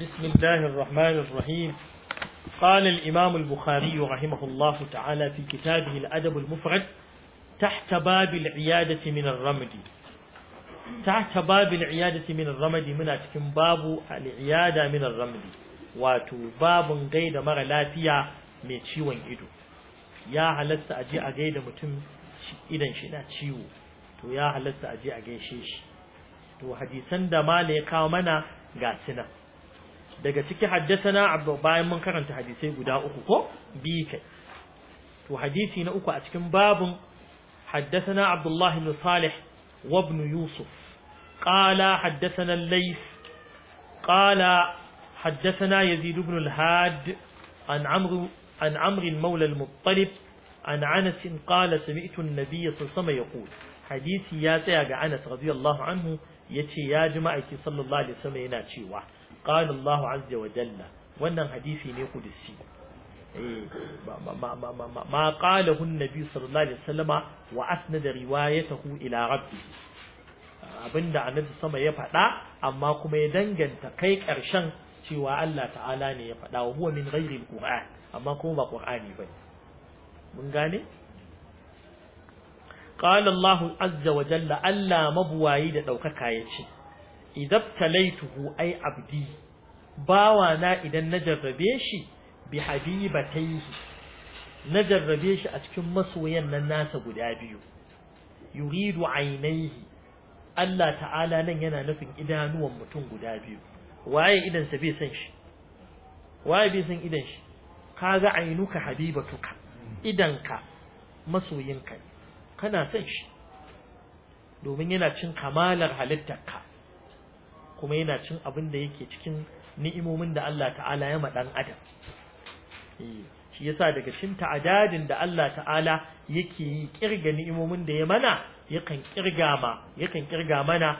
بسم الله الرحمن الرحيم قال الإمام البخاري رحمه الله تعالى في كتابه الأدب المفرد تحت باب العيادة من الرمد تحت باب العيادة من الرمد من أتكم باب العيادة من الرمد واتو باب غير مر لا فيا من ciwon ido ya halatta aje a gaida mutum idan shi na ciwo to ya halatta aje a gaishe shi to hadisan da mala ya kawo mana ga sinan daga ciki haddasana abu bayan mun karanta hadisai guda uku ko bi kai to hadisi na uku a cikin babun haddasana abdullahi ibn salih wa ibn yusuf qala haddasana al-lays qala حدثنا يزيد an الهاد عن عمرو عن عمرو المولى المطلب عن عنس قال سمعت النبي صلى الله عليه وسلم يقول حديث يا سيغا عنس رضي الله عنه يتي يا جماعة صلى الله عليه وسلم ينا cewa. قال الله عز وجل wannan hadisi ne kudusi eh, ma qalahu an-nabi sallallahu alaihi wasallama wa asnada riwayatahu ila rabbi abinda annabi sama ya faɗa amma kuma ya danganta kai ƙarshen cewa Allah ta'ala ne ya faɗa wa huwa min ghairi amma kuma ba qur'ani bane mun gane qala Allah azza wa jalla Allah mabuwayi da daukaka yace idabtalaituhu ai abdi bawa na idan na jarrabe shi bi habibataihi na jarrabe shi a cikin masoyan nan nasa guda biyu yuridu ainihi, Allah ta'ala nan yana nufin idanuwan mutum guda biyu waye idansa bai san shi waye bai san idan shi kaga ainuka habibatuka idanka masoyinka kana san shi domin yana cin kamalar halittarka kuma yana cin abin da yake cikin ni'imomin da Allah ta'ala ya maɗan adam eh, shi yasa daga cin ta'adadin da Allah ta'ala yake yi kirga ni'imomin da ya mana yakan kirga ma yakan kirga mana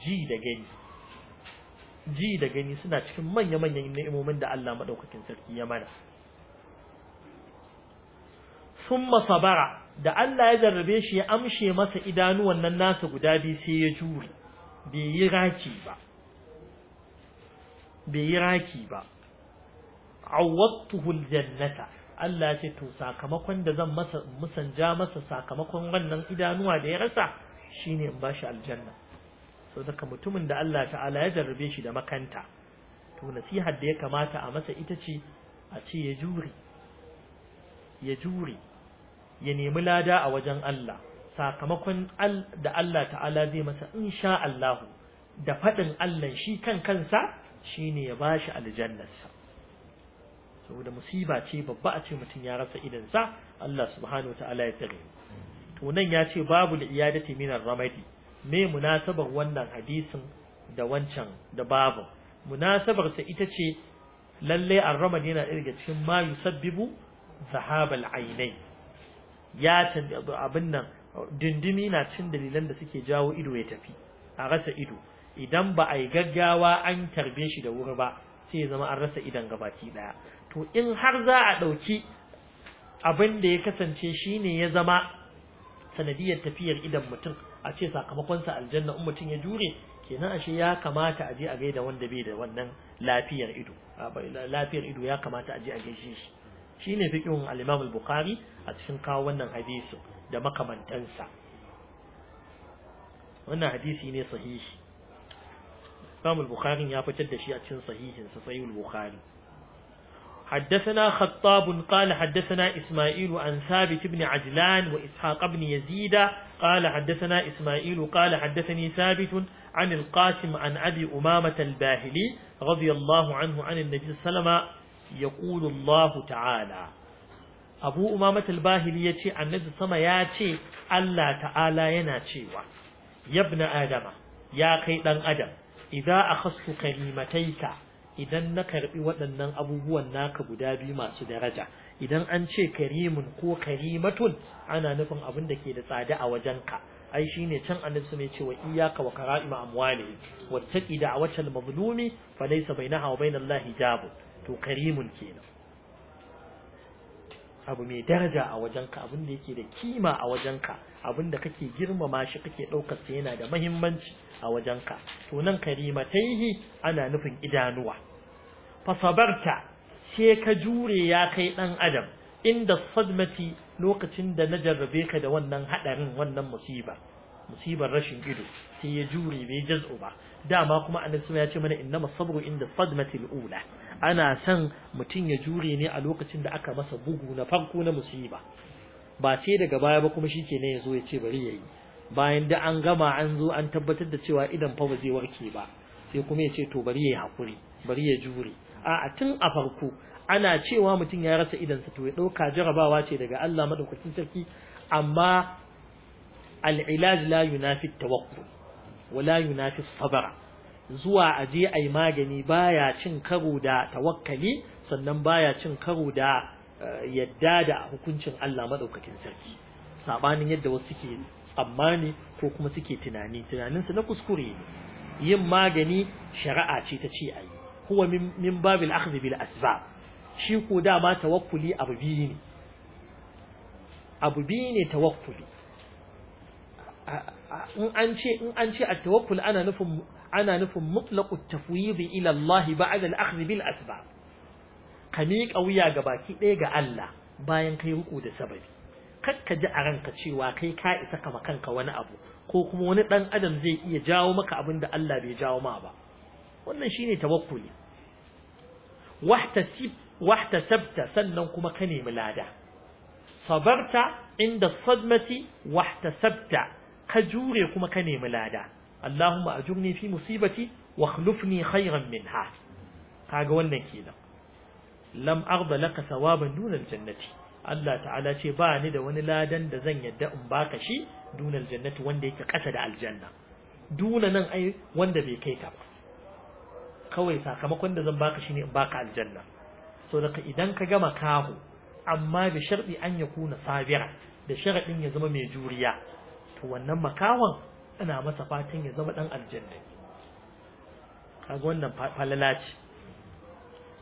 ji da gani ji da gani suna cikin manya-manyan ni'imomin da Allah madaukakin sarki ya mana summa sabara da Allah ya jarrabe shi ya amshe masa idanuwan nan nasu guda biyu sai ya jure bai yi raki ba bai yi raki ba awwattuhu aljannata Allah ce to sakamakon da zan masa musanja masa sakamakon wannan idanuwa da ya rasa shine in bashi aljanna so daga mutumin da Allah ta'ala ya jarrabe shi da makanta to nasihar da ya kamata a masa ita ce a ce ya jure ya jure ya nemi lada a wajen Allah sakamakon da Allah ta'ala zai masa insha Allahu da faɗin Allah shi kan kansa shi ne ya bashi aljannarsa saboda musiba ce babba a ce mutum ya rasa idansa Allah subhanahu ta'ala ya tsare to nan ya ce babu da iyadati minar ramadi me munasabar wannan hadisin da wancan da babu munasabar sa ita ce lalle ar-ramadi yana daga cikin ma yusabbibu zahabal aynai ya ya abin nan dindimi na cin dalilan da suke jawo ido ya tafi a rasa ido idan ba a yi gaggawa an tarbe shi da wuri ba sai zama an rasa idan gabaki daya to in har za a ɗauki abin da ya kasance shine ya zama sanadiyar tafiyar idan mutum a ce sakamakonsa aljanna in mutum ya jure kenan ashe ya kamata a je a gaida wanda bai da wannan lafiyar ido lafiyar ido ya kamata a je a gaishe shi shine fiqhun al-Imam al-Bukhari a cikin kawo wannan hadisi da makamantansa wannan hadisi ne sahihi Imam al-Bukhari ya fitar da shi a cikin sahihin sa Sahih bukhari حدثنا خطاب قال حدثنا إسماعيل عن ثابت بن عجلان وإسحاق بن يزيد قال حدثنا إسماعيل قال حدثني ثابت عن القاسم عن أبي أمامة الباهلي رضي الله عنه عن النبي صلى الله عليه وسلم يقول الله تعالى abu umamat al ya ce annabi sama ya ce Allah ta'ala yana cewa yabna adama ya kai dan adam a akhastu kalimataika idan na karbi waɗannan abubuwan naka guda biyu masu daraja idan an ce karimun ko karimatun ana nufin abin da ke da tsada a wajenka ai shine can annabi sama ya ce wa iyyaka wa kara'ima amwali wattaqi da'watal mazlumi fa laysa bainaha wa bainallahi hijab to karimun kenan abu mai daraja a wajenka abin da yake da kima a wajenka abin da kake girmama shi kake ɗaukar sa yana da mahimmanci a wajenka to nan karimataihi ana nufin idanuwa fa sabarta sai ka jure ya kai dan adam inda sadmati lokacin da na jarrabe ka da wannan hadarin wannan musiba musibar rashin ido sai ya jure bai jaz'u ba dama kuma annabi ya ce mana innama sabru inda sadmatil ula ana san mutum ya jure ne a lokacin da aka masa bugu na farko na musiba ba sai daga baya ba kuma shikenan ya zo ya ce bari yayi bayan da an gama an zo an tabbatar da cewa idan fa ba zai warke ba sai kuma ya ce to bari yayi hakuri bari ya jure a'a tun a farko ana cewa mutum ya rasa sa to ya dauka jarabawa ce daga Allah madaukakin sarki amma al-ilaj la yunafi tawakkul wala yunafi sabara zuwa aje ai magani baya cin karo da tawakkali sannan baya cin karo da eh, yadda da hukuncin Allah madaukakin sarki sabanin yadda wasu suke tsammani ko kuma suke tunani tunanin su na kuskure ne yin magani shari'a ce ta ce ayi huwa min babil akhdh bil asbab shi ko dama tawakkuli abu biyu ne abu biyu ne tawakkuli in an ce in an ce at-tawakkul ana nufin ana nufin mutlaqu at-tafwid ila Allah ba'da al-akhdh bil asbab ka miƙa wuya ga baki ɗaya ga Allah bayan kai ruku da sababi kakka ji a ranka cewa kai ka isa kama kanka wani abu ko kuma wani ɗan adam zai iya jawo maka abin da Allah bai jawo ma ba wannan shine tawakkuli wahtasib wahtasabta sannan kuma ka nemi lada sabarta inda sadmati wahtasabta ka jure kuma ka nemi lada Allahumma ajurni fi musibati wa khlufni khairan minha kaga wannan kenan lam arda laka thawaban duna aljannati Allah ta'ala ce ba ni da wani ladan da zan yadda in baka shi duna aljannati wanda yake kasa da aljanna duna nan ai wanda bai kai ta ba kawai sakamakon da zan baka shi ne in baka aljanna so daga idan ka gama kahu amma bi sharɗi an ya kuna sabira da sharaɗin ya zama mai juriya to wannan makawan ana masa fatan ya zama dan aljanna kaga wannan falala ce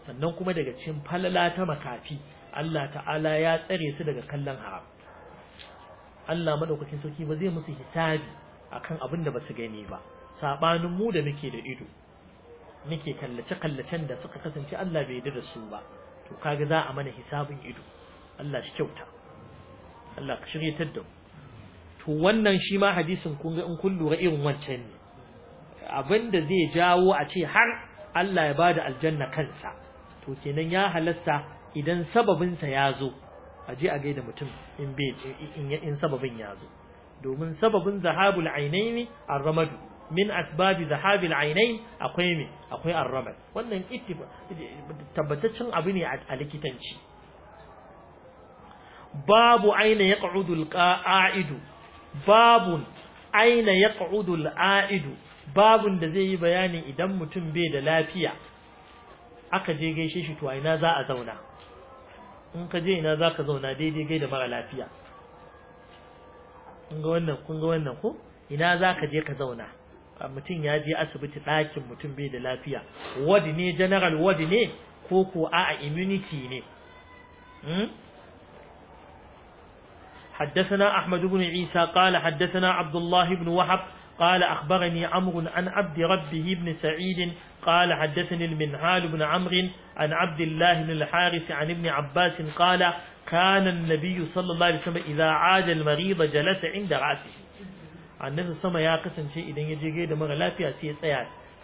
sannan kuma daga cikin falala ta makafi Allah ta'ala ya tsare su daga kallon haram Allah madaukakin sauki ba zai musu hisabi akan abin da basu gani ba sabanin mu da muke da ido muke kallace kallacen da suka kasance Allah bai yarda da su ba to kaga za a mana hisabin ido Allah shi kyauta Allah ka shirye da mu to wannan shi ma hadisin kun ga in kun lura irin wancan ne abinda zai jawo a ce har Allah ya bada aljanna kansa to kenan ya halasta idan sababin sa ya zo a je a gaida mutum in bai in in sababin ya zo domin sababin zahabul ainain ar ramad min asbabi zahabil ainain akwai me akwai ar-ramad wannan tabbataccen abu ne a likitanci babu aina yaqudu al-qa'idu babun aina ya al-a'idu babun da zai yi bayani idan mutum bai da lafiya aka je gaishe shi to ina za a zauna in ka je ina za ka zauna daidai gai da mara lafiya kun ga wannan kunga wannan ko ina za ka je ka zauna mutum ya je asibiti ɗakin mutum bai da lafiya wadi ne general wadi ne ko ko a'a immunity ne hmm? حدثنا أحمد بن عيسى قال حدثنا عبد الله بن وحب قال أخبرني عمرو عن عبد ربه بن سعيد قال حدثني المنهال بن عمرو عن عبد الله بن الحارث عن ابن عباس قال كان النبي صلى الله عليه وسلم إذا عاد المريض جلس عند رأسه annabi sama ya kasance idan ya je gaida mara lafiya sai ya tsaya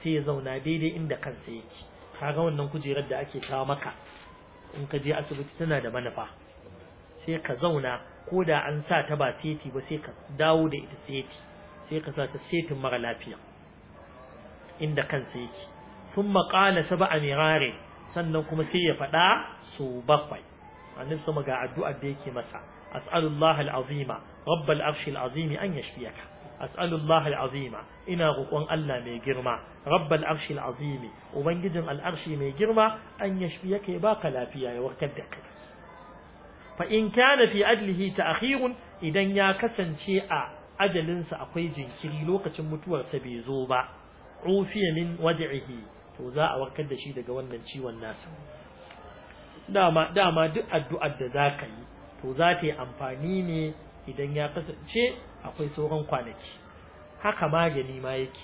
sai ya zauna daidai inda kansa yake kaga wannan kujerar da ake kawo maka in ka je asibiti tana da manufa sai ka zauna ko da an sa ta ba seti ba sai ka dawo da ita seti sai ka sa ta setin mara lafiya inda kansa yake sun maƙala saba a mirare sannan kuma sai ya faɗa su bakwai annabi sama ga addu'ar da yake masa as'alullah al'azima rabbal arshi al'azimi an yashfiyaka as'alullah al'azima ina roƙon Allah mai girma rabbal arshi al'azimi ubangijin al'arshi mai girma an yashfiyaka ya baka lafiya ya warkar da kai fa in kana fi ajlihi ta'khirun idan ya kasance a ajalinsa akwai jinkiri lokacin mutuwarsa bai zo ba ufiya min wad'ihi to za a warkar da shi daga wannan ciwon nasa dama dama duk addu'ar da zaka yi to za ta yi amfani ne idan ya kasance akwai sauran kwanaki haka magani ma yake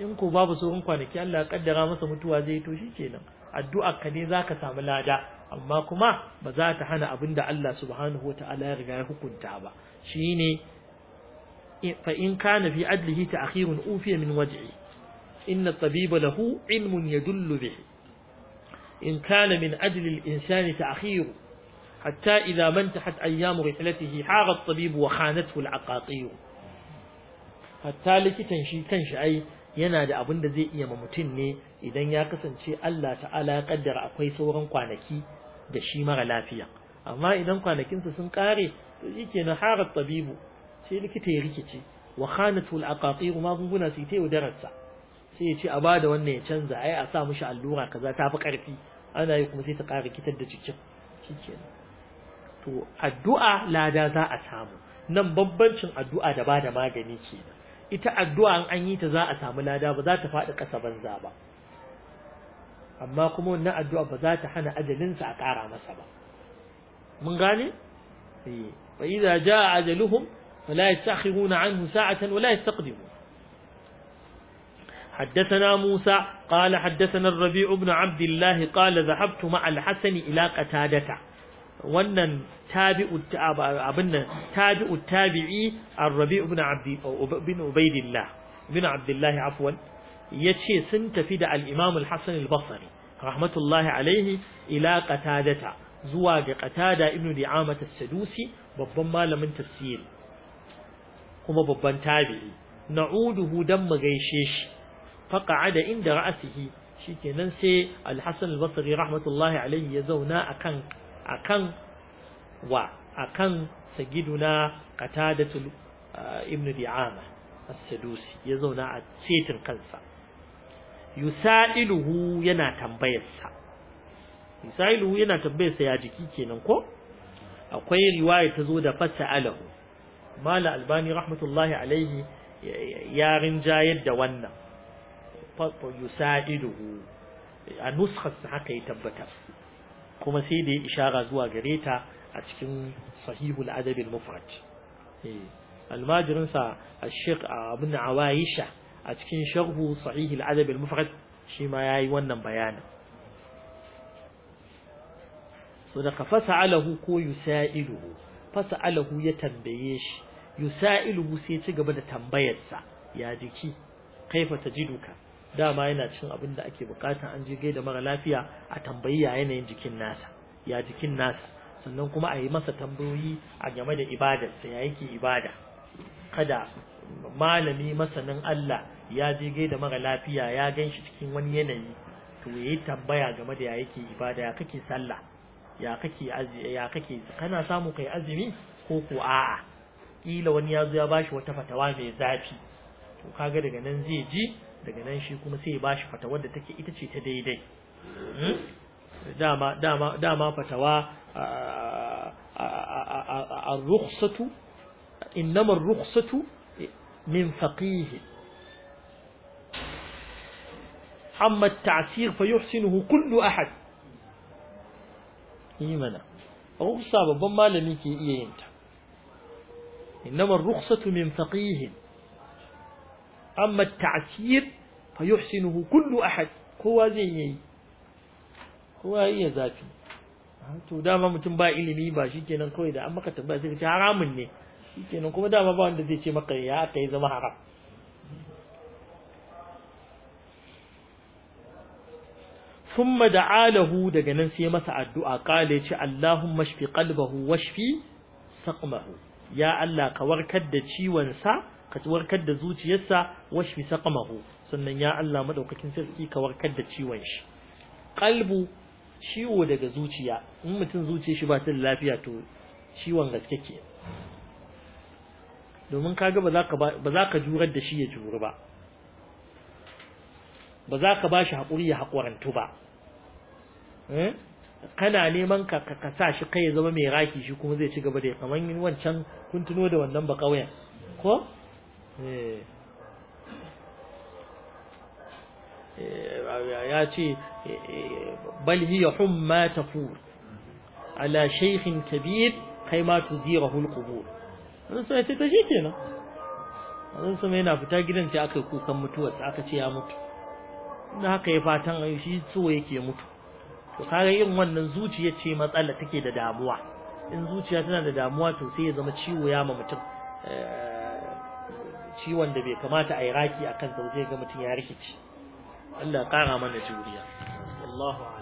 in ko babu sauran kwanaki Allah ya kaddara masa mutuwa zai to shikenan addu'a ka ne zaka samu lada amma kuma ba za ta hana abin da Allah subhanahu wa ta'ala ya riga ya hukunta ba shine fa in kana fi adlihi ta'khirun ufiya min waj'i inna tabiba lahu ilmun yadullu bihi in kana min ajli al-insani ta'khir hatta idha mantahat ayyamu rihlatihi haga at-tabib wa khanathu al hatta likitan shi kanshi ai yana da abin da zai iya ma mutum ne idan ya kasance Allah ta'ala ya kaddara akwai sauran kwanaki da shi mara lafiya amma idan kwanakinsa sun kare to shi na harar tabibu sai likita ya rikice wa khanatul aqatir magunguna su ta yaudararsa sai ya ce a bada wannan ya canza ai a sa mishi allura kaza ta fi karfi ana yi kuma sai ta kare kitar da cikin shikenan to addu'a lada za a samu nan bambancin addu'a da bada magani kenan ita addu'a an yi ta za a samu lada ba za ta faɗi ƙasa banza ba أما كمو نأدو أبذات حنا أجلن سأتعرى مسبا من قال فإذا جاء أجلهم فلا يستأخرون عنه ساعة ولا يستقدمون حدثنا موسى قال حدثنا الربيع بن عبد الله قال ذهبت مع الحسن إلى قتادة wannan tabi'u abin tabi'u tabi'i arabi بن abdi الله بن عبد الله عفوا ya ce sun tafi da al-Imam al-Hasan rahmatullahi alaihi ila qatadata zuwa ga ƙatada ibn Di'amah as-Sadusi babban malamin tafsiri kuma babban tabi'i na'uduhu dan mu gaishe shi da inda ra'sihi shikenan sai al al-Basri rahmatullahi alaihi ya zauna a kan wa akan sagiduna qatadatul eh, ibn Di'amah as-Sadusi ya zauna a setin kansa yusailuhu yana tambayarsa yusailuhu yana tambayarsa ya jiki kenan ko akwai riwaya ta zo da alahu. mala albani rahmatullahi alaihi ya rinjayar da wannan yusailuhu a nuskarsa haka ya tabbatar kuma sai da ya ishara zuwa gare ta a cikin sahihul adabin mufrad eh, almajirinsa a shek abin awaisha a cikin sharhu sahih al-adab al-mufrad shi ma yayi wannan bayanin so da ka alahu ko yusa'iluhu alahu ya tambaye shi yusa'iluhu sai ci gaba da tambayarsa ya jiki kaifa tajiduka dama yana cin abin da ake bukata an je gaida mara lafiya a tambayi ya yanayin jikin nasa ya jikin nasa sannan kuma a yi masa tambayoyi a game da ibadarsa ya yake ibada kada malami masanin Allah ya je gaida mara lafiya ya gan shi cikin wani yanayi to yayi tambaya game da ya yake ibada ya kake sallah ya kake azumi ya kake kana samu kai azumi ko ko a'a kila wani ya zo ya bashi wata fatawa mai zafi to kaga daga nan zai ji daga nan shi kuma sai ya bashi fatawa, da take ita ce ta daidai hmm? dama dama dama fatawa الرخصة إنما الرخصة من فقيه أما التعسير فيحسنه كل أحد إيمانا رخصة ببما لم يكي إيه إنما الرخصة من فقيه أما التعسير فيحسنه كل أحد هو زي يعني. هو هي إيه ذاتي تو dama متنبا إلي ilimi باشي shi kenan kawai da an maka tambaya kenan kuma dama ba wanda zai ce maka ya aka yi zama haram ثم دعا له daga nan sai masa addu'a kale ce Allahumma shfi qalbahu washfi saqmahu ya Allah ka warkar da ciwon sa ka warkar da zuciyarsa washfi saqmahu sannan ya Allah madaukakin sarki ka warkar da ciwon shi qalbu ciwo daga zuciya in mutum zuciyar shi ba ta lafiya to ciwon gaske ke domin kaga ba ka ba za ka jurar da shi ya juri ba ba za ka shi haƙuri ya haƙurantu ba hmm? kana neman ka sa shi kai ya zama mai raki shi kuma zai ci gaba da kamar wancan kuntuno da wannan ba ƙauyen ko eh. Eh, ya ce eh, bal hiya humma tafur ala shaikhin kabir kai ma zira al manzon sama ya ce to shi kenan manzon sama yana fita gidan sai aka kukan mutuwar aka ce ya mutu da haka ya fatan shi so yake mutu to kaga yin wannan zuciya ce matsala take da damuwa in zuciya tana da damuwa to sai ya zama ciwo ya ma mutum eh, ciwon da bai kamata a yi raki a kan zai ga mutum ya rikici Allah kara mana juriya Allahu